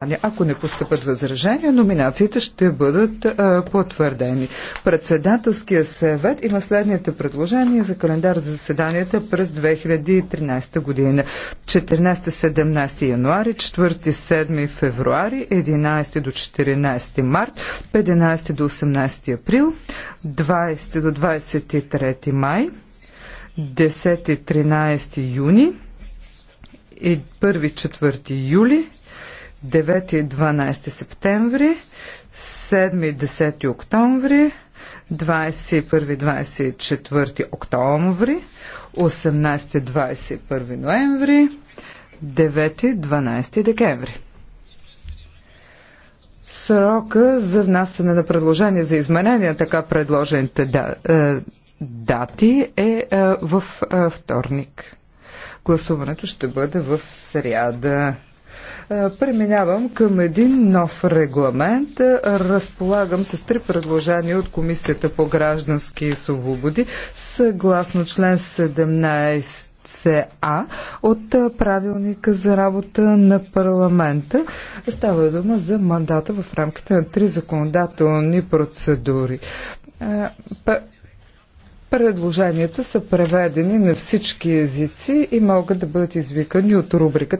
Ами, ако не постъпят възражения, номинациите ще бъдат а, потвърдени. Председателския съвет има следните предложения за календар за заседанията през 2013 година. 14-17 януари, 4-7 февруари, 11 до 14 март, 15 до 18 април, 20 до 23 май, 10-13 юни, и 1-4 юли, 9 и 12 септември, 7 и 10 октомври, 21-24 октомври, 18-21 ноември, 9-12 декември. Срока за внасяне на предложения за изменения, така предложените да, е, дати е, е в е, вторник. Гласуването ще бъде в сряда. Е, преминавам към един нов регламент. Е, разполагам с три предложения от Комисията по граждански свободи, съгласно член 17 А, от е, правилника за работа на парламента. Става дума за мандата в рамките на три законодателни процедури. Предложенията са преведени на всички езици и могат да бъдат извикани от рубриката